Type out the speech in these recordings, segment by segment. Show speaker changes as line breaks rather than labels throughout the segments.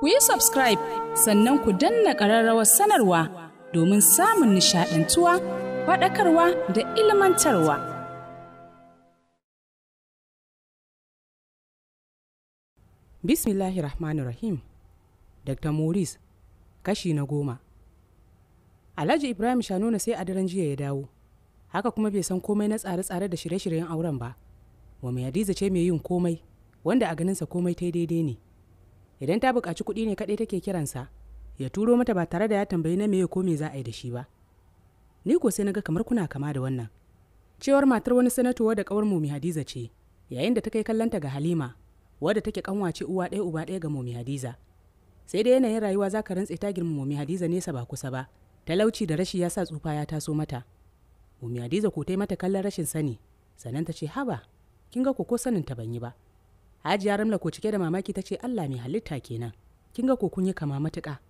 ku yi subscribe sannan ku danna ƙararrawar sanarwa domin samun nishaɗantuwa faɗakarwa da ilmantarwa. Bismillahirrahmanirrahim Rahim Dr. Maurice kashi na goma Alhaji Ibrahim Shanuna sai a daren jiya ya dawo, haka kuma bai san komai na tsare-tsare da shirye-shiryen auren ba, wa mai Hadiza ce mai yin komai, wanda a ganinsa komai ta daidai ne. idan ta buƙaci kuɗi ne kaɗai take kiransa ya turo mata ba tare da ya tambayi na meye ko me za a yi da shi ba ni ko sai naga kamar kuna kama da wannan cewar matar wani sanato da kawar momi hadiza ce yayin da ta kai kallonta ga halima wadda take kanwace uwa ɗaya uba ɗaya ga momi hadiza sai dai yanayin rayuwa za ka rantse ta girma momi hadiza nesa ba kusa ba talauci da rashi ya sa tsufa ya taso mata momi hadiza ko ta mata kallon rashin sani sannan ta ce haba kin ga ko sanin ta ban yi ba hajiya ramla ko cike da mamaki ta ce allah mai halitta kenan kin ga ko kun yi kama matuka?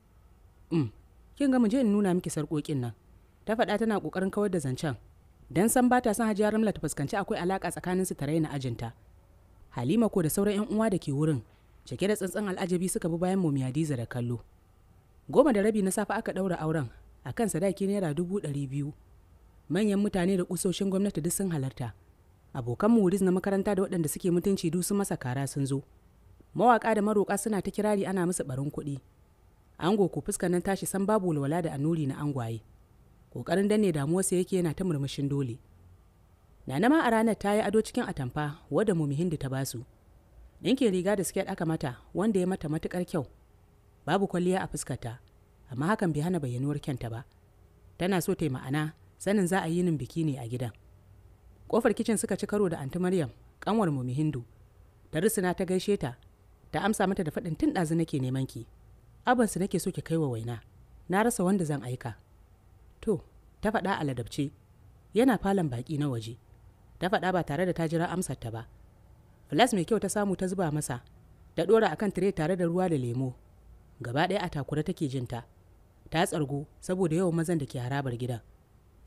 um mm. kin ga mu je in nuna miki sarƙoƙin nan ta faɗa tana ƙoƙarin kawar da zancen dan san ba ta son hajiya ramla ta fuskanci akwai alaƙa tsakanin su tare na ajinta halima ko da sauran 'yan uwa da ke wurin cike da tsantsan al'ajabi suka bi bayan Hadiza da kallo goma da rabi na safe aka ɗaura auren a kan sadaki naira dubu ɗari biyu manyan mutane da kusoshin gwamnati duk sun halarta abokan muris na makaranta da waɗanda suke mutunci du su masa kara sun zo mawaƙa da maroƙa suna ta kirari ana musu barin kuɗi ango ku fuskar nan tashi san babu walwala da Anuri na angwaye ƙoƙarin danne damuwarsa yake yana ta murmushin dole nana ma a ranar ta yi ado cikin atamfa wadda mumihindu ta basu ɗinkin riga da siket aka mata wanda ya mata matuƙar kyau babu kwalliya a fuskarta amma hakan bai hana bayyanuwar kyanta ba tana so ta ma'ana sanin za a yi nin biki ne a gidan kofar kicin suka ci karo da anti maryam kanwar mu hindu da risina ta gaishe ta ta amsa mata da faɗin tun ɗazu nake neman ki abansu nake so ki kaiwa waina na rasa wanda zan aika to ta faɗa a ladabce yana falon baƙi na waje ta faɗa ba tare da ta jira amsar ta ba flas mai kyau ta samu ta zuba masa da ɗora a kan tire tare da ruwa da lemo gaba ɗaya a takura take jinta ta tsargu saboda yawan mazan da ke harabar gidan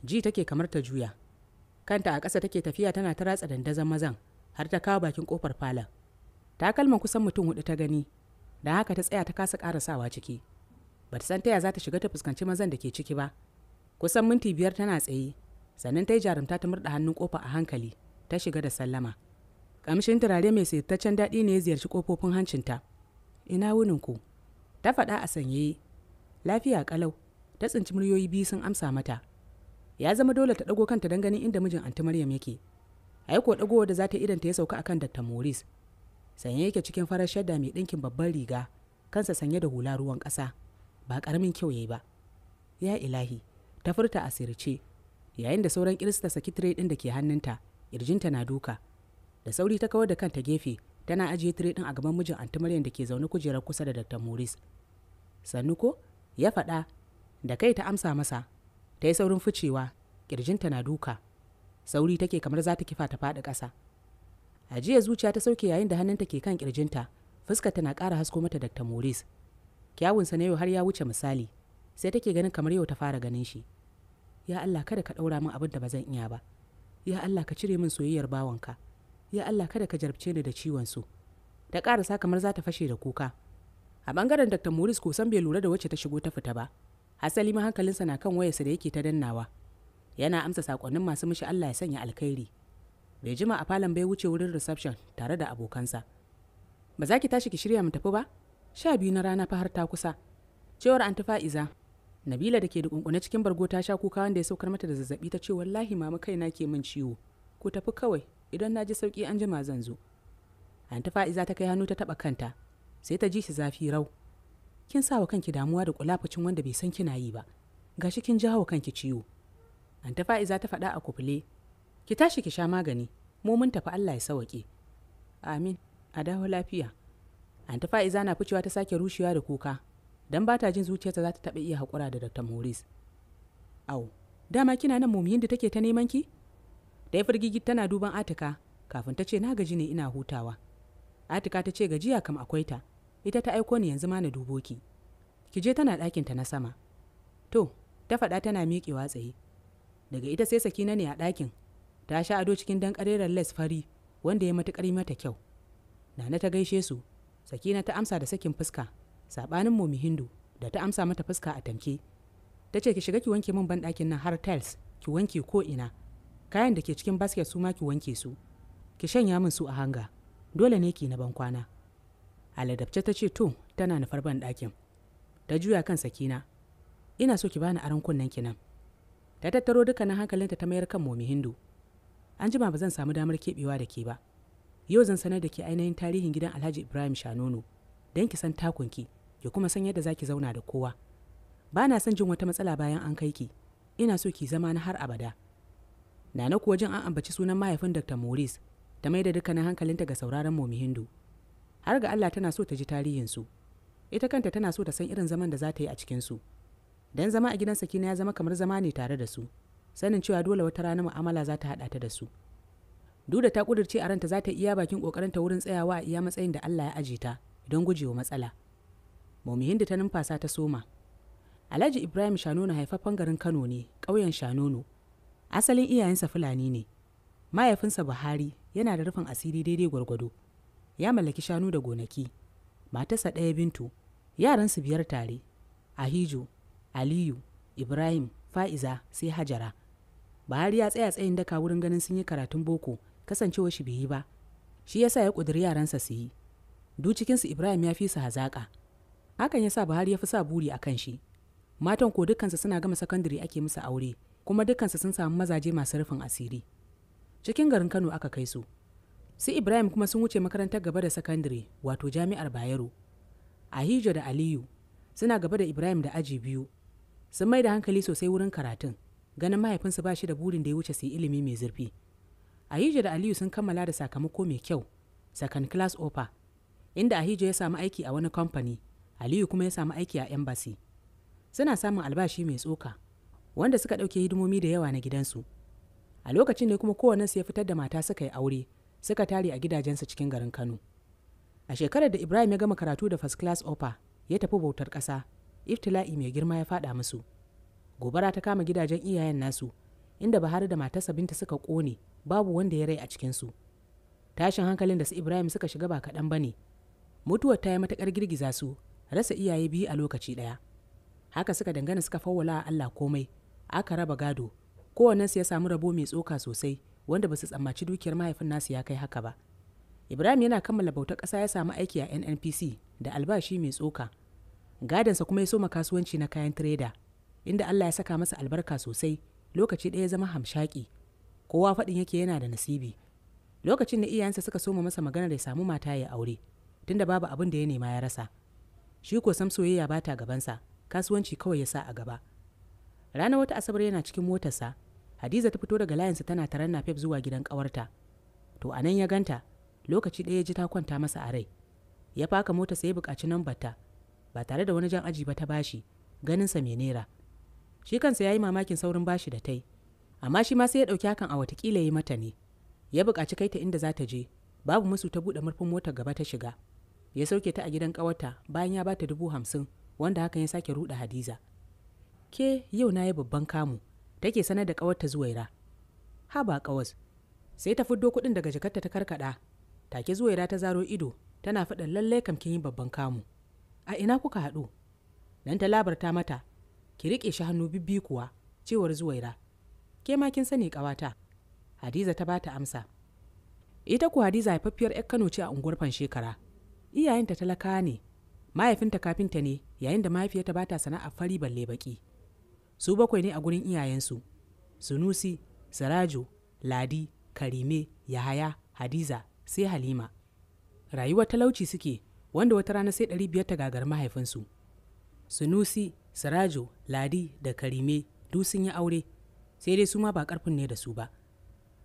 ji take kamar ta juya kanta a ƙasa take tafiya tana ta ratsa dandazon mazan har ta kawo bakin kofar falon takalman kusan mutum hudu ta gani da haka ta tsaya ta kasa karasawa ciki ba ta san taya za ta shiga ta fuskanci mazan da ke ciki ba kusan minti biyar tana tsaye sannan ta yi jarumta ta murda hannun kofa a hankali ta shiga da sallama kamshin turare mai sayataccen daɗi ne ya ziyarci kofofin hancinta ina wunin ku ta faɗa a sanyaye lafiya kalau ta tsinci muryoyi biyu sun amsa mata ya zama dole ta ɗago kanta don ganin inda mijin anti maryam yake ai ko da za ta ta ya sauka akan Dr. Morris. sanye yake cikin farar shadda mai ɗinkin babban riga kansa sanye da hula ruwan ƙasa ba ƙaramin kyau yayi ba ya ilahi ta furta a sirce yayin da sauran kirista saki tire ɗin da ke hannunta irjinta na duka da sauri ta kawar da kanta gefe tana ajiye tire ɗin a gaban mijin anti maryam da ke zaune kujerar kusa da Dr. Morris. sannu ko ya faɗa da kai ta amsa masa ta yi saurin ficewa kirjinta na duka sauri take kamar za ta kifa ta faɗi ƙasa ajiya zuciya ta sauke yayin da hannunta ke kan kirjinta fuska tana ƙara hasko mata dr morris kyawunsa na yau har ya wuce misali sai take ganin kamar yau ta fara ganin shi ya allah kada ka ɗaura min abin da ba zan iya ba ya allah ka cire min soyayyar bawanka ya allah kada ka jarabce ni da ciwon su ta ƙarasa kamar za ta fashe da kuka a ɓangaren dr morris kusan bai lura da wacce ta shigo ta fita ba Asali ma hankalinsa na kan wayarsa da yake ta dannawa yana amsa sakonnin masu mishi Allah ya sanya alkhairi bai jima a falon bai wuce wurin reception tare da abokansa ba za ki tashi ki shirya mu tafi ba sha biyu na rana fa har ta kusa cewar antifaiza fa'iza nabila da ke da kunkune cikin bargo ta sha kuka wanda ya saukar mata da zazzabi ta ce wallahi mama kaina ke min ciwo ku tafi kawai idan na ji sauki an jima zan zo Anta fa'iza ta kai hannu ta taba kanta sai ta ji shi zafi rau kin sa wa kanki damuwa da kulafacin wanda bai san kina yi ba gashi kin ji wa kanki ciwo an ta fa'iza ta faɗa a kufle ki tashi ki sha magani mu mun tafi Allah ya sauke amin a dawo lafiya an ta fa'iza na ficewa ta sake rushewa da kuka dan bata jin zuciyarta za ta taɓa iya haƙura da Dr. Morris au dama kina nan mumiyin da take ta neman ki da ya firgigi tana duban Atika kafin ta ce na gaji ne ina hutawa Atika ta ce gajiya kam akwai ta ita ta aiko ni yanzu ma na dubo ki ki je tana ɗakinta na sama to ta faɗa tana miƙewa tsaye daga ita sai sakina ne a ɗakin ta sha ado cikin dan ƙareren les fari wanda ya matuƙar mata kyau nana ta gaishe su sakina ta amsa da sakin fuska saɓanin momi hindu da ta amsa mata fuska a tamke ta ce ki shiga ki wanke min banɗakin nan har tiles ki wanke ko ina kayan da ke cikin basket su ma ki wanke su ki shanya min su a hanga dole ne ki na ban kwana aladabce ta ce to tana nufar ban ɗakin ta juya kan sakina ina so ki bani aron kunnen ki nan ta tattaro dukkanin hankalinta ta mayar kan momi hindu an jima ba zan samu damar keɓewa da ke ba yau zan sanar da ke ainihin tarihin gidan alhaji ibrahim shanono don ki san takunki ki kuma san yadda za ki zauna da kowa ba na son jin wata matsala bayan an kai ki ina so ki zama na har abada nana kuwa jin an ambaci sunan mahaifin dr maurice ta mai da dukkanin hankalinta ga sauraron momi hindu har ga Allah tana so ta ji tarihinsu ita kanta tana so ta san irin zaman da za ta yi a cikinsu dan zama a gidan sakina ya zama kamar zama ne tare da su sanin cewa dole wata rana mu'amala za ta haɗa ta da su duda ta kudirce a ranta za ta iya bakin kokarin ta wurin tsayawa a iya matsayin da Allah ya aje ta don gujewa matsala mumihin ta numfasa ta soma Alhaji Ibrahim Shanono haifaffen garin Kano ne ƙauyen Shanono asalin iyayensa Fulani ne mahaifinsa Buhari yana da rufin asiri daidai gwargwado ya mallaki shanu da gonaki matarsa ɗaya bintu yaransu biyar tare ahijo aliyu ibrahim fa'iza sai hajara bahari ya tsaya tsayin daka wurin ganin sun yi karatun boko kasancewar shi bai yi ba shi yasa ya ƙudiri yaransa su yi du cikinsu ibrahim ya fi su hazaƙa hakan ya yasa bahari ya fi sa buri a kan shi matan ko dukkansu suna gama sakandare ake musu aure kuma dukkansu sun samu mazaje masu rufin asiri cikin garin kano aka kai su su ibrahim kuma sun wuce makarantar gaba da sakandare wato jami'ar bayero ahijo da aliyu suna gaba da ibrahim da aji biyu sun mai da hankali sosai wurin karatun ganin mahaifinsu ba shi da burin da ya wuce su yi ilimi mai zurfi ahijo da aliyu sun kammala da sakamako mai kyau second class offer inda ahijo ya samu aiki a wani kamfani aliyu kuma ya samu aiki a embassy suna samun albashi mai tsoka wanda suka ɗauke hidimomi da yawa na gidansu a lokacin ne kuma kowane su ya fitar da mata suka yi aure suka tare a gidajensa cikin garin kano a shekarar da ibrahim ya gama karatu da first class offer ya tafi bautar ƙasa iftila'i mai girma ya faɗa musu gobara ta kama gidajen iyayen nasu inda bahari da matarsa binta suka ƙone babu wanda ya rai a cikinsu tashin hankalin da su ibrahim suka shiga ba kaɗan ba ne mutuwar ta yi matuƙar girgiza su rasa iyaye biyu a lokaci ɗaya haka suka dangana suka fawwala allah komai aka raba gado kowannensu ya samu rabo mai tsoka sosai wanda ba su tsammaci dukiyar mahaifin nasu ya kai haka ba ibrahim yana kammala bautar ƙasa ya samu aiki a nnpc da albashi mai tsoka gadansa kuma ya soma kasuwanci na kayan tireda inda allah ya saka masa albarka sosai lokaci ɗaya ya zama hamshaki kowa faɗin yake yana da nasibi lokacin da iyayensa suka soma masa magana da ya samu mata ya aure tunda babu abin da ya nema ya rasa shi ko sam soyayya bata gabansa kasuwanci kawai ya sa a gaba ranar wata asabar yana cikin motarsa hadiza ta fito daga layinsa tana taron nafef zuwa gidan ƙawarta to a nan ya ganta lokaci ɗaya ya ji ta kwanta masa a rai ya faka mota sai ya buƙaci nambarta ba tare da wani jan aji ba ta bashi sa mai nera shi kansa ya yi mamakin saurin bashi da tai amma shi ma sai ya ɗauki hakan a watakila ya yi mata ne ya buƙaci kai ta inda za ta je babu musu ta buɗe murfin motar gaba ta shiga ya sauke ta a gidan ƙawarta bayan ya bata dubu hamsin wanda hakan ya sake ruɗa hadiza ke yau na yi babban kamu take sanar da kawarta zuwaira haba ƙawas sai ta fiddo kuɗin daga jakarta ta karkaɗa take zuwaira ta zaro ido tana faɗin lallai kam kin yi babban kamu a ina kuka haɗu nan ta labarta mata ki riƙe shi hannu bibbi kuwa cewar zuwaira ke ma kin sani ƙawata hadiza ta bata amsa ita ku hadiza haifaffiyar 'yar kano ce a unguwar shekara iyayenta talakawa ne mahaifinta kafinta ne yayin da mahaifiyarta ba ta sana'a fari balle baki su bakwai ne a gurin iyayensu sunusi sarajo ladi karime yahaya hadiza sai halima rayuwar talauci suke wanda wata rana sai ɗari biyar ta gagar mahaifinsu sunusi sarajo ladi da karime duk sun yi aure sai dai su ma ba ƙarfin ne da su ba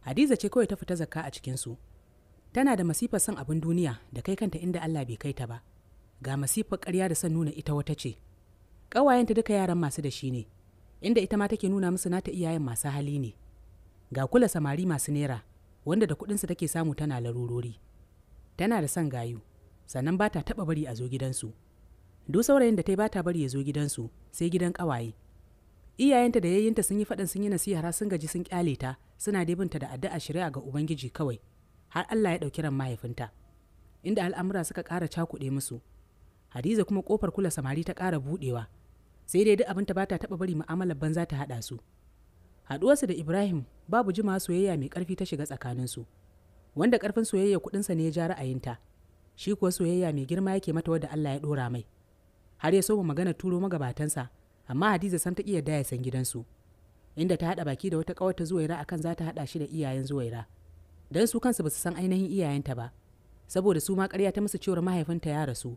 hadiza ce kawai ta fita zakka a cikinsu tana da masifar son abin duniya da kai kanta inda allah bai kai ta ba ga masifar ƙarya da son nuna ita wata ce ƙawayenta duka yaran masu da shi ne inda ita ma take nuna musu nata iyayen masu hali ne ga kula samari masu nera wanda da kuɗinsu take samu tana larurori tana da son gayu sannan ba ta taɓa bari a zo gidansu duk saurayin da ta ba ta bari ya zo gidansu sai gidan ƙawaye iyayenta da yayyinta sun yi faɗin sun yi nasihara sun gaji sun ƙyale ta suna binta da addu'a shari'a ga ubangiji kawai har Allah ya ɗauki ran mahaifinta inda al'amura suka ƙara cakuɗe musu hadiza kuma kofar kula samari ta ƙara buɗewa sai dai duk abin ba ta taɓa bari mu'amalar banza ta haɗa su haɗuwarsu da ibrahim babu jima soyayya mai karfi ta shiga tsakaninsu wanda ƙarfin soyayya kuɗinsa ne ya ja ra'ayinta shi kuwa soyayya mai girma yake mata wadda allah ya ɗora mai har ya soma magana turo magabatansa amma hadiza sam ta iya daya san gidansu inda ta haɗa baki da wata ƙawarta zuwaira akan za ta haɗa shi da iyayen zuwaira dan su kansu ba su san ainihin iyayenta ba saboda su ma karya ta musu cewar mahaifinta ya rasu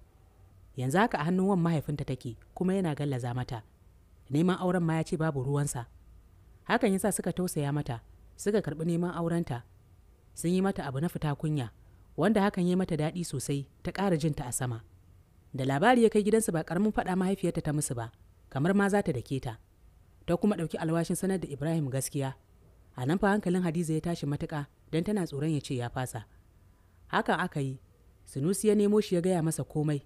yanzu haka a hannun wan mahaifinta take kuma yana gallaza mata neman auren ma ya ce babu ruwansa hakan yasa suka tausaya mata suka karbi neman aurenta sun yi mata abu na fita kunya wanda hakan ya mata daɗi sosai ta ƙara jinta a sama da labari ya kai gidansu ba karamin faɗa mahaifiyarta ta musu ba kamar ma za ta dake ta ta kuma ɗauki alwashin sanar da ibrahim gaskiya a nan fa hankalin hadiza ya tashi matuƙa don tana tsoron ya ce ya fasa hakan aka yi sunusi ya nemo shi ya gaya masa komai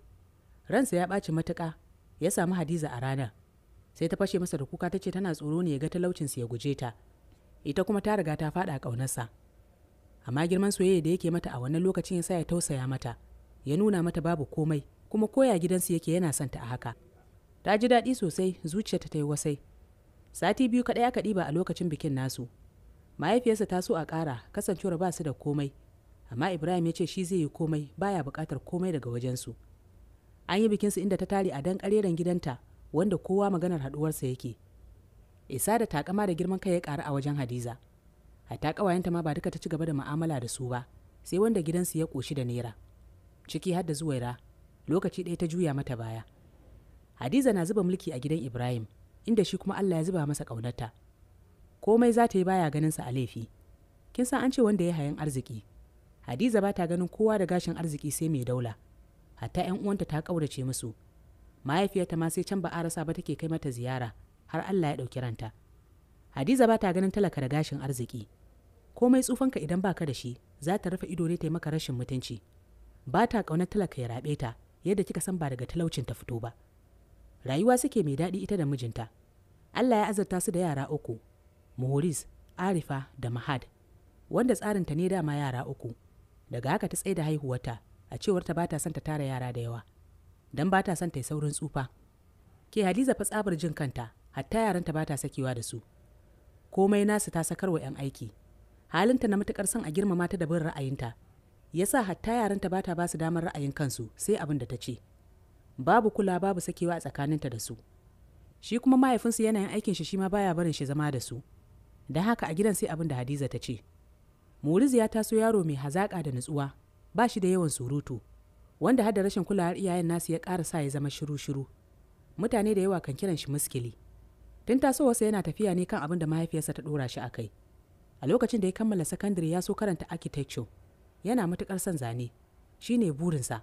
ransa ya ɓaci matuƙa ya samu hadiza a ranar sai ta fashe masa da kuka ta ce tana tsoro ne ya ga talaucinsu ya guje ta ita kuma ta riga ta faɗa ƙaunarsa amma girman soyayya da yake mata a wannan lokacin ya sa ya tausaya mata ya nuna mata babu komai kuma koya gidansu yake yana son ta a haka ta ji daɗi sosai zuciyarta ta yi wasai sati biyu kaɗai aka ɗiba a lokacin bikin nasu mahaifiyarsa ta so a ƙara kasancewar ba su da komai amma ibrahim ya ce shi zai yi komai baya buƙatar komai daga wajensu an yi bikinsu inda ta tare a dan kareren gidanta wanda kowa maganar haduwarsa yake isa da takama da girman kai ya ƙaru a wajen hadiza hatta ƙawayenta ma ba duka ta ci gaba da mu'amala da su ba sai wanda gidansu ya ƙoshi da naira ciki har da zuwaira lokaci ɗaya ta juya mata baya hadiza na zuba mulki a gidan ibrahim inda shi kuma allah ya zuba masa ƙaunarta komai za ta yi baya ganinsa a laifi kin san an ce wanda ya hayan arziki hadiza ba ta ganin kowa da gashin arziki sai mai daula hatta 'yan uwanta ta kaurace musu mahaifiyarta ma sai can ba a rasa ba take kai mata ziyara har Allah ya ɗauki ranta Hadiza ba ta ganin talaka da gashin arziki komai tsufanka idan baka da shi za ta rufe ido ne ta maka rashin mutunci ba ta ƙaunar talaka ya raɓe ta yadda kika san ba daga talaucin ta fito ba rayuwa suke mai daɗi ita da mijinta Allah ya azurta su da yara uku Muhuriz, Arifa da Mahad wanda tsarinta ne dama yara uku daga haka ta tsaye da haihuwarta a cewar ta bata son ta tara yara da yawa dan bata son ta yi saurin tsufa ke hadiza fa tsabar jin kanta hatta yaran yaranta bata sakewa da su komai nasu ta sakar wa yan aiki halinta na matukar son a girmama ta da bin ra'ayinta yasa hatta yaranta bata basu damar ra'ayin kansu sai abin da ta ce babu kula babu sakewa a tsakaninta da su shi kuma mahaifinsu yin aikin shi shi ma baya barin shi zama da su don haka a gidan sai abin da hadiza ta ce muriz ya taso yaro mai hazaƙa da nutsuwa ba shi da yawan surutu wanda har da rashin kulawar iyayen nasu ya ƙara sa ya zama shiru-shiru mutane da yawa kan kiran shi muskili tun tasowarsa yana tafiya ne kan abin da mahaifiyarsa ta dora shi a kai a lokacin da ya kammala sakandare ya so karanta architecture yana matukar son zane shine burinsa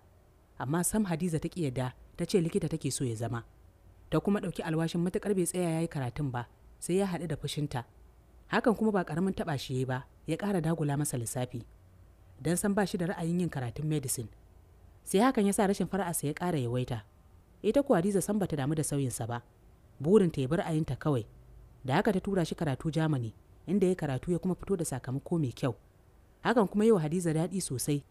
amma sam hadiza ta yarda ta ce likita take so ya zama ta kuma ɗauki alwashin matukar bai tsaya ya yi karatun ba sai ya haɗu da fushinta hakan kuma ba ƙaramin taɓa shi ba ya ƙara dagula masa lissafi don san ba shi da ra'ayin yin karatun medicine sai hakan ya sa rashin fara'arsa ya ƙara yawaita ita kuwa Hadiza san bata damu da sauyinsa ba burin ta ya bar ayinta kawai da haka ta tura shi karatu Jamani. inda ya karatu ya kuma fito da sakamako mai kyau hakan kuma yi wa Hadiza daɗi sosai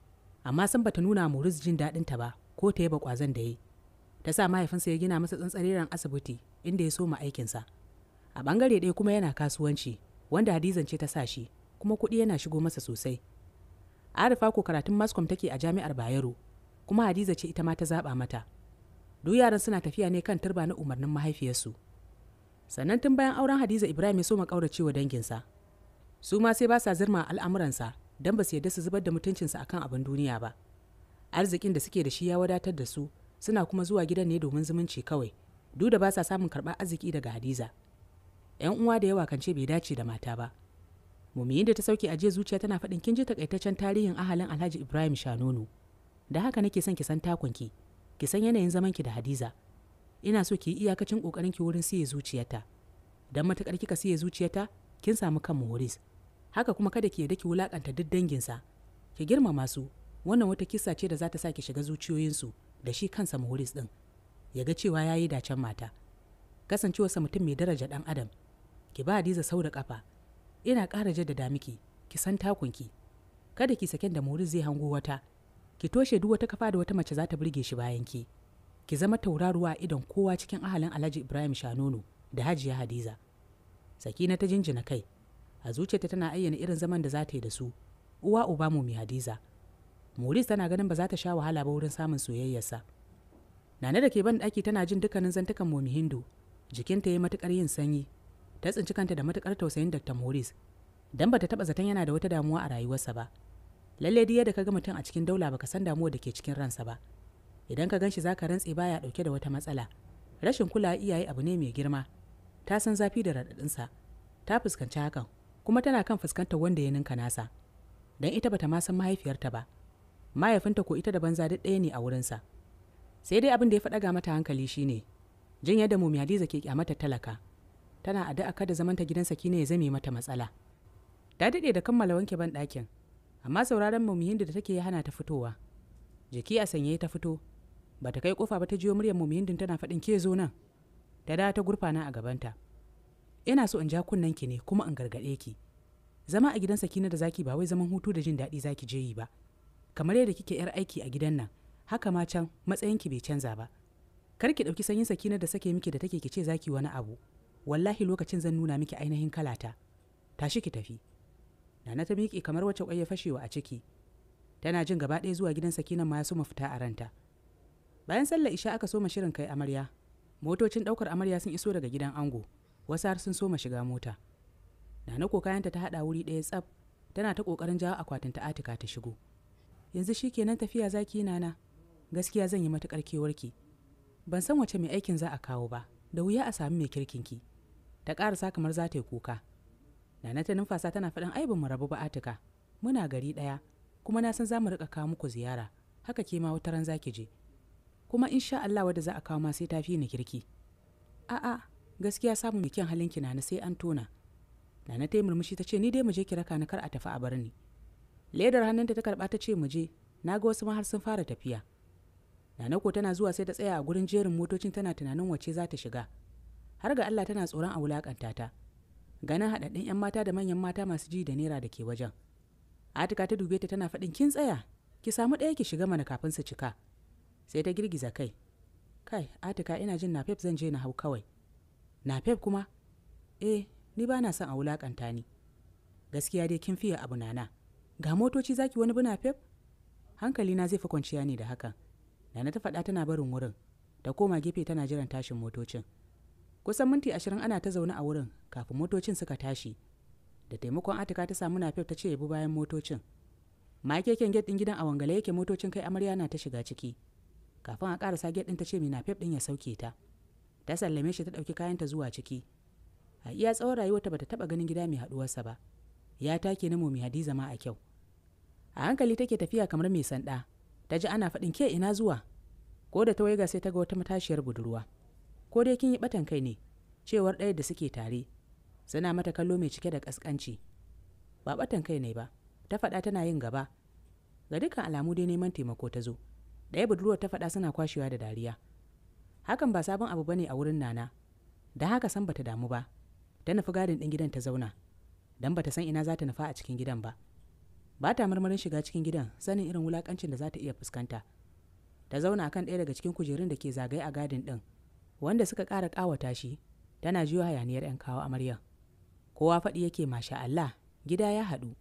amma san bata nuna Morris jin daɗin ta ba ko ta yaba kwazon da yi ta sa mahaifinsa ya gina masa tsantsareren asibiti inda ya so soma aikinsa a bangare ɗaya kuma yana kasuwanci wanda Hadizan ce ta sa shi kuma kuɗi yana shigo masa sosai arifa ko karatun mascom take a jami'ar bayero kuma hadiza ce ita ma ta zaba mata duk yaran suna tafiya ne kan turba na umarnin mahaifiyarsu sannan tun bayan auren hadiza ibrahim ya so ma wa danginsa su ma sai ba sa zirma al'amuransa don ba su yarda su zubar da mutuncinsa akan abin duniya ba arzikin da suke da shi ya wadatar da su suna kuma zuwa gidan ne domin zumunci kawai duk da ba sa samun karɓar arziki daga hadiza 'yan uwa da yawa kan ce bai dace da mata ba mumiyin da ta sauke a zuciya tana faɗin kin ji takaitaccen tarihin ahalin alhaji ibrahim Shanunu. da haka nake son ki san takunki ki san yanayin zaman ki da hadiza ina so ki yi iyakacin kokarin ki wurin siye zuciyarta dan matakar kika siye zuciyarta kin samu kan muhuris haka kuma kada ki yarda ki wulakanta duk danginsa ki girmama su wannan wata kisa ce da za ta sa ki shiga zuciyoyinsu da shi kansa muhuris din ya ga cewa ya yi dacen mata kasancewarsa mutum mai daraja dan adam ki ba hadiza sau da kafa ina ƙara jaddada miki ki san takunki kada ki saken da mori zai hango wata ki toshe duk wata kafa da wata mace za ta burge shi bayan ki ki zama tauraruwa idan kowa cikin ahalin alhaji ibrahim shanono da hajiya hadiza sakina ta jinjina kai a zuciyarta tana ayyana irin zaman da za ta yi da su uwa uba mu mai hadiza maurice tana ganin ba za ta sha wahala ba wurin samun soyayyarsa nana da ke ban ɗaki tana jin dukkanin zantukan momi hindu jikinta ya matukar yin sanyi ta tsinci kanta da matukar tausayin Dr. Morris dan bata taba zaton yana da wata damuwa a rayuwarsa ba. Lalle dai yadda kaga mutum a cikin daula baka san damuwa da ke cikin ransa ba. Idan ka ganshi ka rantse baya dauke da wata matsala. Rashin kula iyaye abu ne mai girma. Ta san zafi da sa Ta fuskanci hakan kuma tana kan fuskantar wanda ya ninka nasa. Don ita bata ma san mahaifiyarta ba. Mahaifinta ko ita da banza duk ɗaya ne a wurinsa. Sai dai abin da ya faɗa ga mata hankali shine jin yadda Mumiyadiza ke kyamata talaka. tana addu'a kada zamanta gidan sakina ya zame mata matsala ta daɗe da kammala wanke ban ɗakin amma sauraron mumiyin da take ya hana ta fitowa jiki a sanye ta fito ba ta kai kofa ba ta jiyo muryar mumiyin din tana faɗin ke zo nan ta da ta gurfana a gabanta ina so in ja kunnen ki ne kuma in gargaɗe ki zama a gidan sakina da zaki ba wai zaman hutu da jin daɗi zaki je yi ba kamar yadda kike yar aiki a gidan nan haka ma can matsayinki bai canza ba kar ki ɗauki sanyin sakina da sake miki da take ki ce zaki wani abu wallahi lokacin zan nuna miki ainihin kalata tashi ki tafi nana ta miƙe kamar wacce ƙwaye fashewa a ciki tana jin gaba ɗaya zuwa gidan sakinan ma su mafita a ranta bayan sallar isha aka soma shirin kai amarya motocin ɗaukar amarya sun iso daga gidan ango wasu har sun soma shiga mota nana ko kayanta ta haɗa wuri ɗaya tsaf tana ta ƙoƙarin jawo akwatin ta atika ta shigo yanzu shi kenan tafiya zaki nana gaskiya zan yi matuƙar kewarki ban san wace mai aikin za a kawo ba da wuya a sami mai kirkinki ta ƙarasa kamar za ta yi kuka nana ta numfasa tana faɗin ai mu rabu ba atika muna gari ɗaya kuma na san za mu riƙa kawo muku ziyara haka ke ma wata ran za ki je kuma insha Allah wadda za a kawo ma sai ta fi ni kirki a'a gaskiya samun kyan halinki nana sai an tona nana ta yi murmushi ta ce ni dai mu je ki raka ni kar a tafi a bar ni ledar hannunta ta karɓa ta ce mu je na ga wasu ma har sun fara tafiya nana ko tana zuwa sai ta tsaya a gurin jerin motocin tana tunanin wace za ta shiga har ga Allah tana tsoron a wulakanta ta ganin haɗaɗɗun 'yan mata da manyan mata masu ji da naira da ke wajen atika ta dube ta tana faɗin kin tsaya ki samu ɗaya ki shiga mana kafin su cika sai ta girgiza kai kai atika ina jin nafef zan je na hau kawai nafef kuma eh ni ba na son a wulakanta ni gaskiya dai kin fiye abu nana ga motoci zaki wani bi nafef hankali na zai fi kwanciya ne da hakan nana ta faɗa tana barin wurin ta koma gefe tana jiran tashin motocin kusan minti ashirin ana ta zaune a wurin kafin motocin suka tashi da taimakon atika ta samu nafiyar ta ce ya bi bayan motocin ma keken get din gidan a wangale yake motocin kai amarya na ta shiga ciki kafin a karasa get din ta ce mai nafiyar din ya sauke ta ta sallame shi ta ɗauki kayanta zuwa ciki a iya tsawon rayuwarta bata taɓa ganin gida mai haɗuwarsa ba ya take na momi hadiza ma a kyau a hankali take tafiya kamar mai sanda ta ji ana faɗin ke ina zuwa ko da ta waiga sai ta ga wata matashiyar budurwa ko dai kin yi batan kai ne cewar ɗaya da suke tare suna mata kallo mai cike da ƙasƙanci ba batan kai ne ba ta faɗa tana yin gaba ga dukkan alamu dai neman taimako ta zo ɗaya budurwar ta faɗa suna kwashewa da dariya hakan ba sabon abu bane a wurin nana da haka san bata damu ba ta nufi gadin ɗin gidan ta zauna dan bata san ina za ta nufa a cikin gidan ba ba ta marmarin shiga cikin gidan sanin irin wulakancin da za ta iya fuskanta ta zauna akan ɗaya daga cikin kujerun da ke zagaye a gadin ɗin wanda suka ƙara ƙawata shi tana juya hayaniyar 'yan kawo amaryan kowa faɗi yake masha Allah gida ya haɗu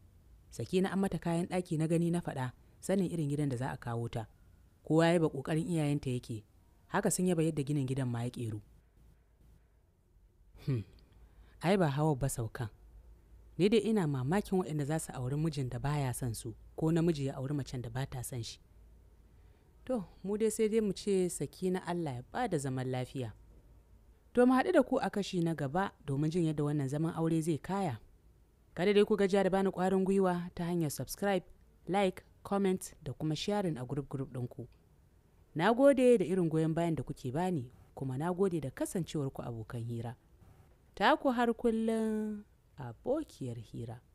sakina an mata kayan ɗaki na gani na faɗa sanin irin gidan da za a kawo ta kowa ya ba ƙoƙarin iyayenta yake haka sun yaba yadda ginin gidan ma ya ƙeru hmm. ai ba hawa ba saukan ni dai ina mamakin waɗanda za su auri mijin da baya son su ko namiji ya auri macen da ba ta son shi To, mu dai sai dai mu ce saki na Allah ya ba da zaman lafiya. To, mu haɗu da ku a kashi na gaba domin jin yadda wannan zaman aure zai kaya. Kada dai ku ga da bani ƙwarin gwiwa ta hanyar subscribe, like, comment da kuma sharing a group group ɗinku. Na gode da irin goyon bayan da kuke bani, kuma na gode da kasancewarku abokan hira. Ta ku har kullum abokiyar hira.